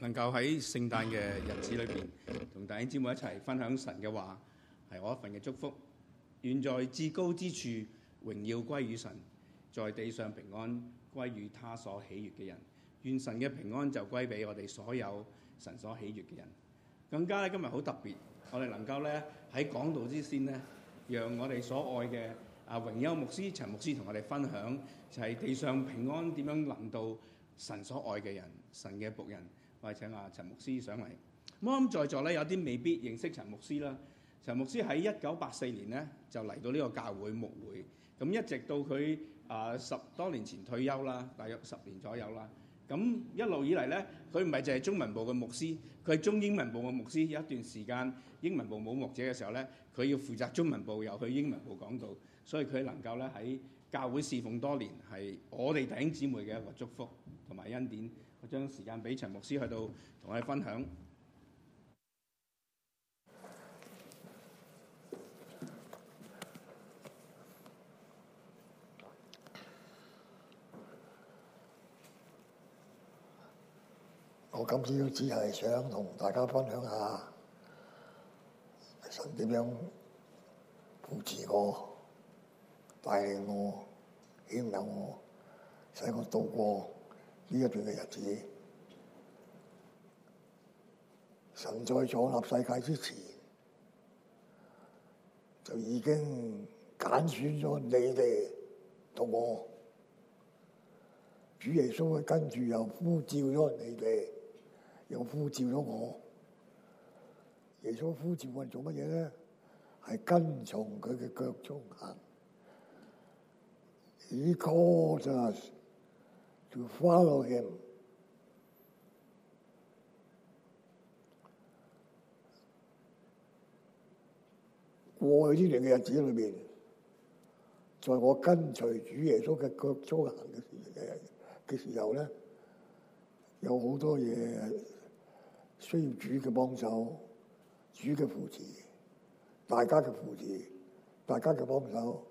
能夠喺聖誕嘅日子裏邊，同弟兄姐妹一齊分享神嘅話，係我一份嘅祝福。願在至高之處，榮耀歸於神；在地上平安歸於他所喜悅嘅人。願神嘅平安就歸俾我哋所有神所喜悅嘅人。更加咧，今日好特別，我哋能夠咧喺講道之先呢，讓我哋所愛嘅啊榮休牧師陳牧師同我哋分享，就係地上平安點樣能到神所愛嘅人，神嘅僕人。我哋請阿陳牧師上嚟。咁在座咧有啲未必認識陳牧師啦。陳牧師喺一九八四年咧就嚟到呢個教會牧會，咁一直到佢啊、呃、十多年前退休啦，大約十年左右啦。咁一路以嚟咧，佢唔係淨係中文部嘅牧師，佢係中英文部嘅牧師。有一段時間英文部冇牧者嘅時候咧，佢要負責中文部，又去英文部講道，所以佢能夠咧喺教會侍奉多年，係我哋弟兄姊妹嘅一個祝福同埋恩典。將時間俾陳牧師去到同我哋分享。我今次只係想同大家分享下神點樣扶持我、帶領我、勉勵我，使我度過呢一段嘅日子，神在創立世界之前，就已經揀選咗你哋同我。主耶穌咧跟住又呼召咗你哋，又呼召咗我。耶穌呼召我做乜嘢咧？係跟從佢嘅腳蹤行。呢個就 to follow him。過去呢段嘅日子裏面，在、就是、我跟隨主耶穌嘅腳蹤行嘅時嘅時候咧，有好多嘢需要主嘅幫手、主嘅扶持、大家嘅扶持、大家嘅幫手。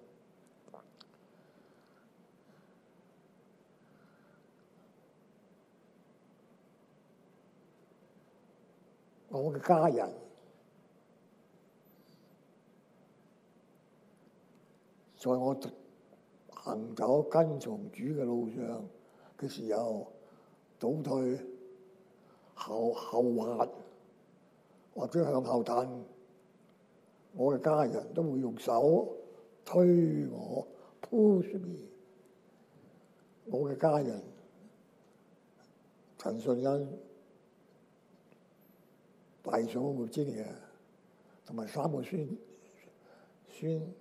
我嘅家人在我行走，走跟從主嘅路上嘅時候，倒退後、後滑或者向後退，我嘅家人都會用手推我 push me。我嘅家人陳順恩。大嫂冇知啊，同埋三個孫孫，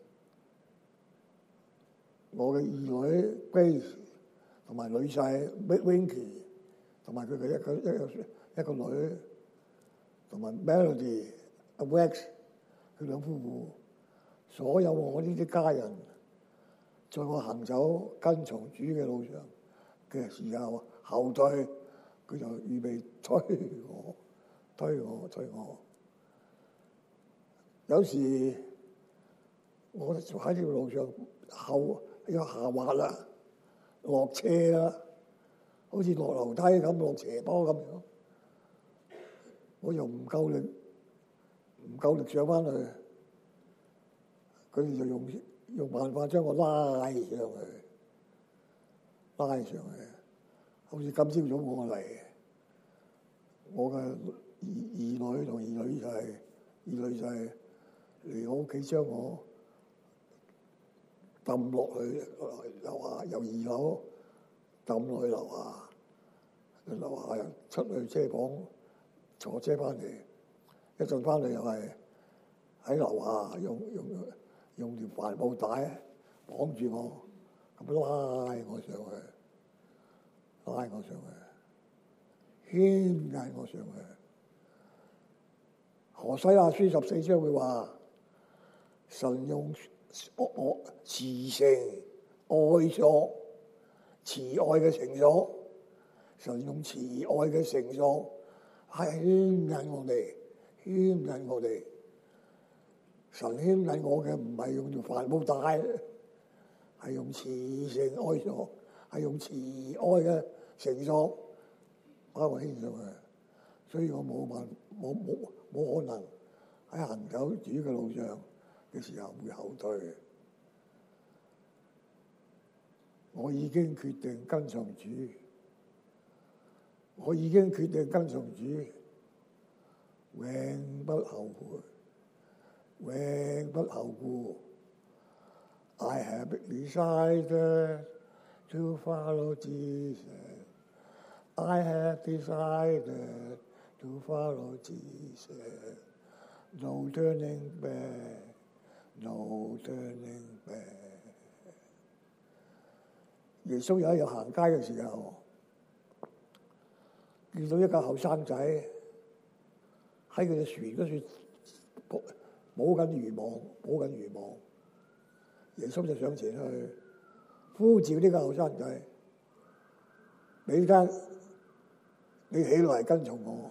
我嘅二女 Grace 同埋女婿 Winky，同埋佢嘅一個一個一個女，同埋 Melody、Alex 佢兩夫婦，所有我呢啲家人，在我行走，走跟從主嘅路上嘅時候，後代佢就預備推我。推我推我，有時我就喺條路上後有下滑啦，落車啦，好似落樓梯咁落斜坡咁樣，我又唔夠力，唔夠力上返去，佢哋就用用辦法將我拉上去，拉上去，好似今朝早我嚟，我嘅。二女同二女就係，是，二女就係嚟我屋企將我抌落去樓下，由二樓抌落去樓下，樓下又出去車房坐車翻嚟，一陣翻嚟又係喺樓下用用用條帆布帶綁住我，咁拉我上去，拉我上去，牽拉我上去。何西亞書十四章佢話：神用慈繩愛索，慈愛嘅繩索。」神用慈愛嘅繩索係牽引我哋，牽引我哋。神牽引我嘅唔係用帆布帶，係用慈繩愛索，係用慈愛嘅繩索。我係興咗佢。所以我冇問，冇冇冇可能喺行走主嘅路上嘅時候會後退。我已經決定跟從主，我已經決定跟從主，永不後悔，永不後顧。I have decided to follow Jesus. I have decided. Follow Jesus No turning back，No turning back、no。耶穌又喺度行街嘅時候，見到一個後生仔喺佢隻船嗰處補補緊漁網，補緊漁網。耶穌就上前去，呼召呢個後生仔，你聽，你起來跟從我。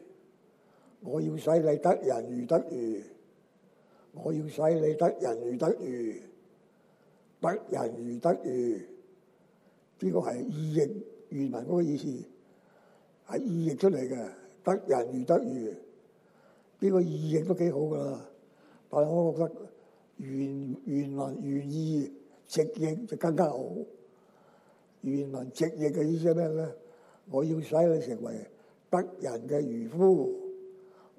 我要使你得人如得魚。我要使你得人如得魚。得人如得魚呢個係意譯原文嗰個意思，係意譯出嚟嘅。得人如得魚呢個意譯都幾好噶啦，但係我覺得原原文原意直譯就更加好。原文直譯嘅意思係咩咧？我要使你成為得人嘅漁夫。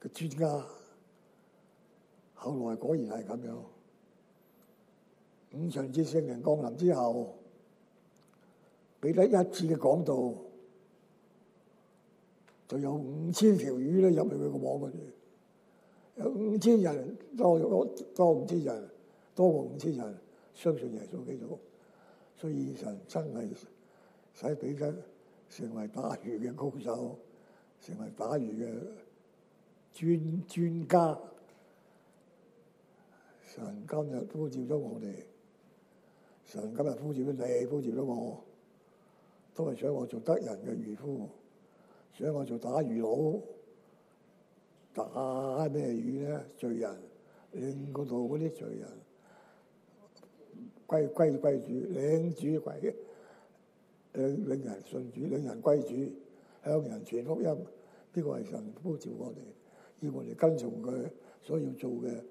嘅專家，後來果然係咁樣。五旬節聖靈降臨之後，彼得一次嘅講道，就有五千條魚咧入去佢個網嗰度，有五千人多多五千人，多過五千人相信耶穌基督，所以神真係使彼得成為打魚嘅高手，成為打魚嘅。專專家，神今日呼召咗我哋，神今日呼召咗你，呼召咗我，都係想我做得人嘅漁夫，想我做打魚佬，打咩魚咧？罪人，領嗰度嗰啲罪人，歸歸歸主，領主歸，領領人信主，領人歸主，向人傳福音，呢、這個係神呼召我哋。要我哋跟從佢所要做嘅，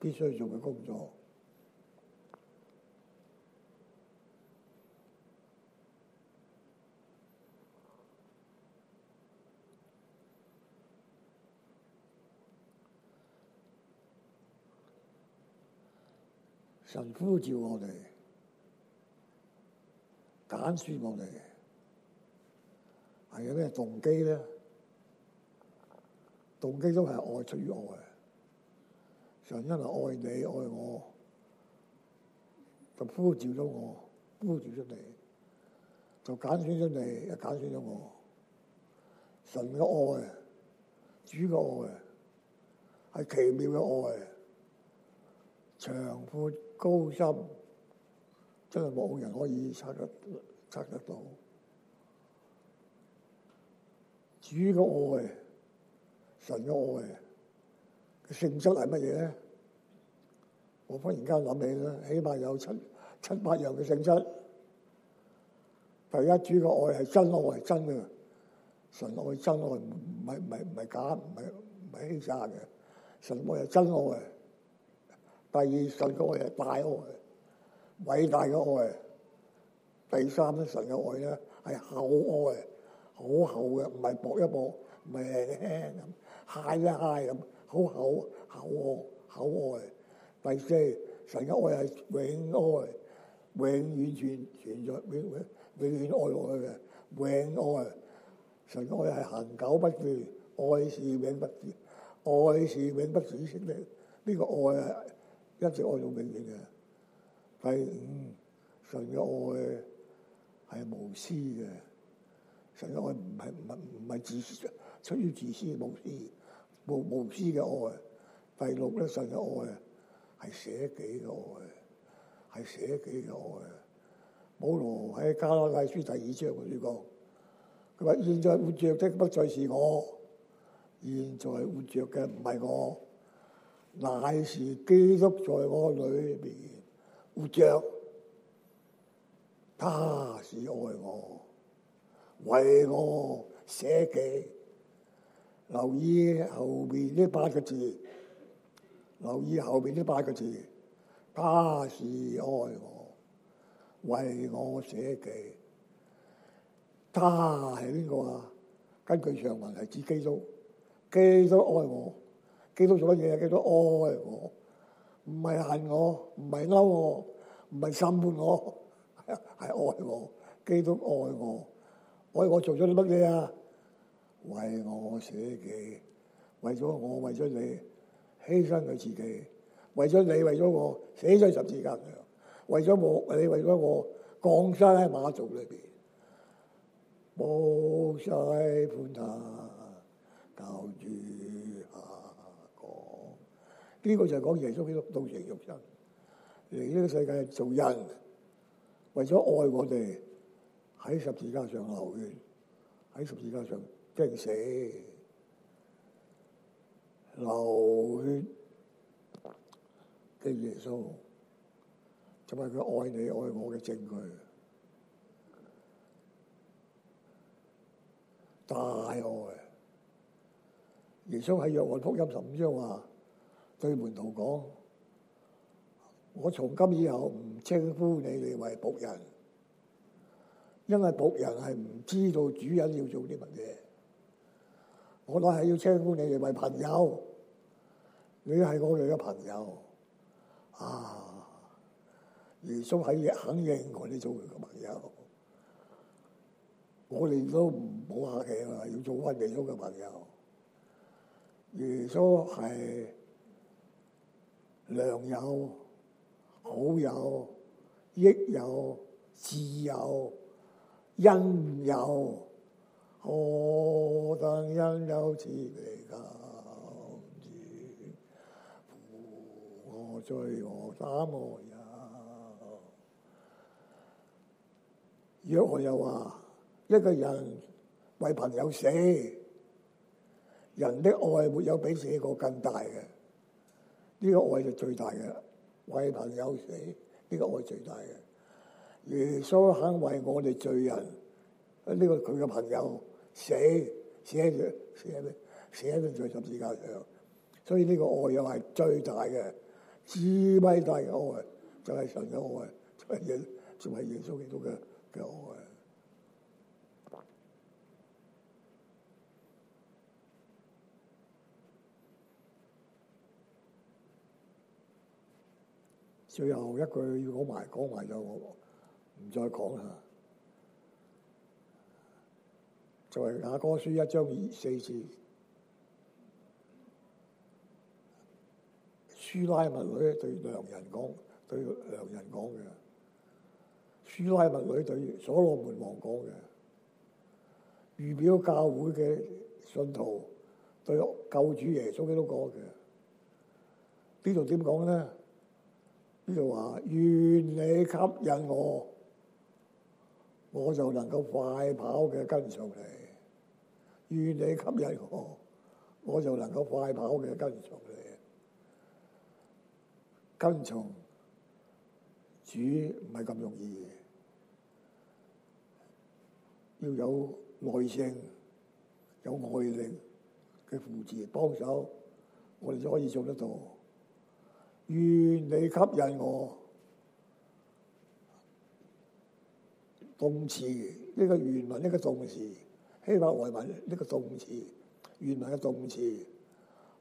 必須做嘅工作。神呼召我哋，揀選我哋，係有咩動機咧？動機都係愛，出於愛，神因為愛你愛我，就呼召咗我，呼召咗你，就揀選咗你，又揀選咗我。神嘅愛，主嘅愛，係奇妙嘅愛，長闊高深，真係冇人可以測得測得到。主嘅愛。神嘅愛嘅性質係乜嘢咧？我忽然間諗起咧，起碼有七七八樣嘅性質。第一，主嘅愛係真愛，係真嘅神愛，真愛唔係唔係唔係假，唔係唔係欺詐嘅神愛係真愛。第二，神嘅愛係大愛，偉大嘅愛。第三，神嘅愛咧係厚愛，好厚嘅，唔係薄一薄，唔係輕咁。h 一 g 咁，hi hi，好口口愛口愛。第四，神嘅愛係永愛，永完全存在永遠永永遠愛落去嘅永愛。神嘅愛係恆久不絕，愛是永不絕，愛是永不止息嘅。呢、這個愛啊，一直愛到永遠嘅。第五，神嘅愛係無私嘅，神嘅愛唔係唔唔唔係自私，出於自私嘅無私。無無私嘅愛，第六咧，神嘅愛係捨己嘅愛，係捨己嘅愛。保羅喺加拉太書第二章嘅主講，佢話：現在活著的不再是我，現在活著嘅唔係我，乃是基督在我裏面活著，他是愛我，為我捨己。留意後邊呢八個字，留意後邊呢八個字，他是愛我，為我寫記，他係邊個啊？根據上文係指基督，基督愛我，基督做乜嘢？基督愛我，唔係恨我，唔係嬲我，唔係審判我，係愛我，基督愛我，我我做咗啲乜嘢啊？為我捨己，為咗我，為咗你，犧牲佢自己，為咗你，為咗我，死喺十字架上，為咗我，你為你，為咗我，降生喺馬槽裏邊，冇罪判壇，教住下講呢、這個就係講耶穌基督道成肉身嚟呢個世界做人，為咗愛我哋喺十字架上流血，喺十字架上。驚死流血嘅耶穌，就係、是、佢愛你愛我嘅證據，大愛。耶穌喺約翰福音十五章話：對門徒講，我從今以後唔稱呼你哋為僕人，因為僕人係唔知道主人要做啲乜嘢。我都係要稱呼你哋為朋友，你係我哋嘅朋友啊！耶穌係肯認我哋做佢嘅朋友，我哋都唔好客氣啦，要做翻耶穌嘅朋友。耶穌係良友、好友、益友、摯友、恩友。何等恩友慈悲感念，負我罪我找我人。約翰又話：一個人為朋友死，人的愛沒有比呢個更大嘅。呢、這個愛就最大嘅，為朋友死，呢、這個愛最大嘅。耶穌肯為我哋罪人，呢、這個佢嘅朋友。死死喺度，死喺咩？死喺呢段十字架上，所以呢個愛又係最大嘅，至偉大嘅愛，就係神嘅愛，就係耶，仲係耶穌基督嘅嘅愛。最後一句要講埋，講埋就我唔再講啦。就係雅歌書一章二四節，書拉密女對良人講，對良人講嘅；書拉密女對所羅門王講嘅；預表教會嘅信徒對救主耶穌基督講嘅。呢度點講呢？呢度話願你吸引我，我就能夠快跑嘅跟上你。願你吸引我，我就能夠快跑嘅跟從你。跟從主唔係咁容易，要有耐性、有愛力嘅扶持幫手，我哋就可以做得到。願你吸引我，動詞呢個原文，呢個動詞。呢個外文動詞原來嘅動詞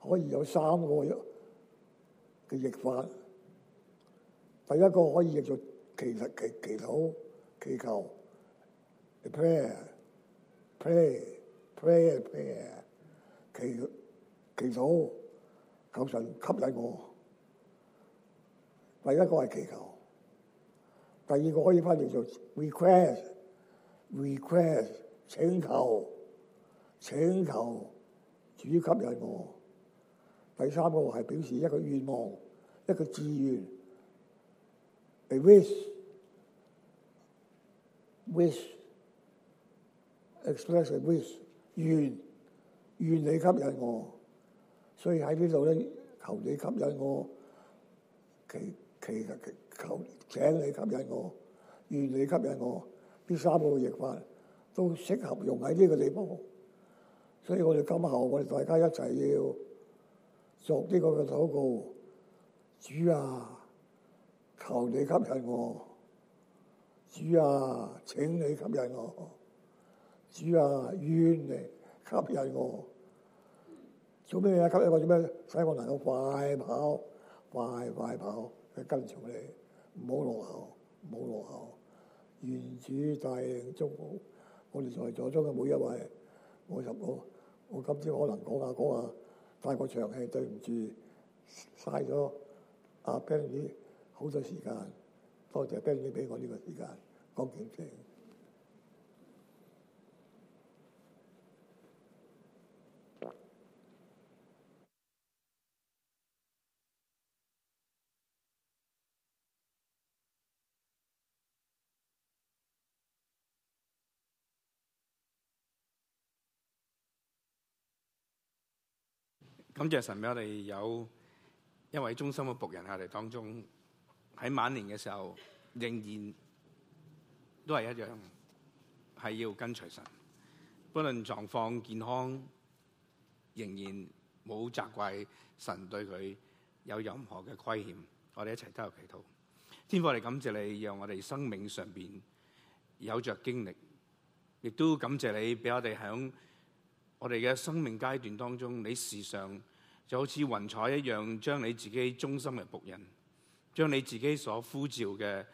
可以有三個嘅譯法。第一個可以譯做祈實祈祈禱、祈求，prayer，prayer，prayer，prayer，pray, prayer, 祈祈禱，求神吸引我。第一個係祈求，第二個可以翻譯做 request，request re。請求，請求主要吸引我。第三個係表示一個願望，一個志願。wish，wish，express a wish，願願你吸引我。所以喺呢度咧，求你吸引我。其祈求請你吸引我，願你吸引我。呢三個譯法。都適合用喺呢個地方，所以我哋今後我哋大家一齊要作呢個嘅禱告。主啊，求你吸引我。主啊，請你吸引我。主啊，願你吸引我。做咩啊？吸引我做咩？使我能夠快跑，快快跑，去跟從你，唔好落後，唔好落後。願主大大祝福。我哋在座中嘅每一位，我入我我今朝可能講下講下帶個長氣，對唔住嘥咗阿、啊、Benny 好多時間，多謝 Benny 俾我呢個時間講幾聲。感謝神，俾我哋有一位忠心嘅僕人喺我哋當中，喺晚年嘅時候仍然都係一樣，係要跟隨神，不論狀況健康，仍然冇責怪神對佢有任何嘅虧欠。我哋一齊加入祈禱。天父，我哋感謝你，讓我哋生命上面有着經歷，亦都感謝你俾我哋喺我哋嘅生命階段當中，你時常。就好似雲彩一樣，將你自己忠心嘅僕人，將你自己所呼召嘅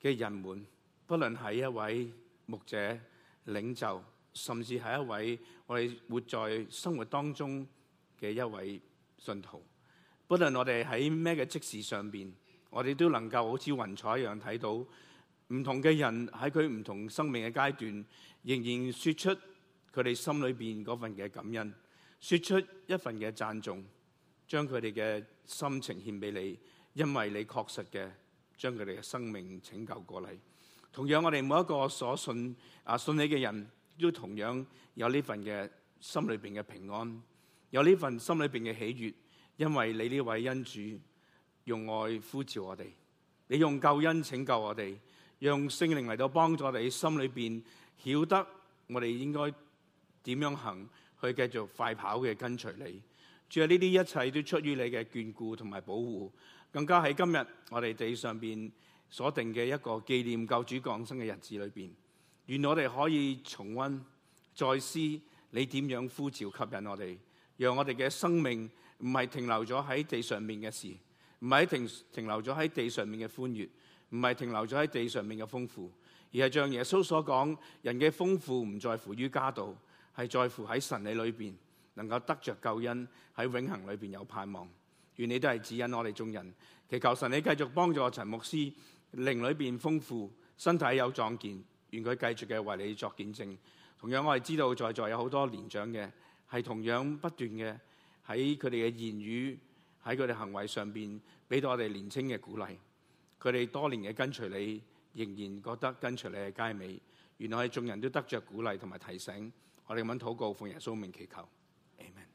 嘅人們，不論係一位牧者、領袖，甚至係一位我哋活在生活當中嘅一位信徒，不論我哋喺咩嘅職事上邊，我哋都能夠好似雲彩一樣睇到唔同嘅人喺佢唔同生命嘅階段，仍然説出佢哋心裏邊嗰份嘅感恩。說出一份嘅讚頌，將佢哋嘅心情獻俾你，因為你確實嘅將佢哋嘅生命拯救過嚟。同樣，我哋每一個所信啊信你嘅人都同樣有呢份嘅心裏邊嘅平安，有呢份心裏邊嘅喜悅，因為你呢位恩主用愛呼召我哋，你用救恩拯救我哋，用聖靈嚟到幫助我哋心裏邊曉得我哋應該點樣行。去繼續快跑嘅跟隨你，諸侯呢啲一切都出於你嘅眷顧同埋保護，更加喺今日我哋地上邊所定嘅一個紀念救主降生嘅日子裏邊，願我哋可以重温再思你點樣呼召吸引我哋，讓我哋嘅生命唔係停留咗喺地上面嘅事，唔係停停留咗喺地上面嘅歡悦，唔係停留咗喺地上面嘅豐富，而係像耶穌所講，人嘅豐富唔在乎於家道。係在乎喺神你裏邊能夠得着救恩，喺永恆裏邊有盼望。願你都係指引我哋眾人。祈求神你繼續幫助陳牧師，靈裏邊豐富，身體有壯健。願佢繼續嘅為你作見證。同樣我係知道在座有好多年長嘅，係同樣不斷嘅喺佢哋嘅言語，喺佢哋行為上邊俾到我哋年輕嘅鼓勵。佢哋多年嘅跟隨你，仍然覺得跟隨你係佳美。原來係眾人都得着鼓勵同埋提醒。我哋咁樣禱告，奉耶穌名祈求，amen。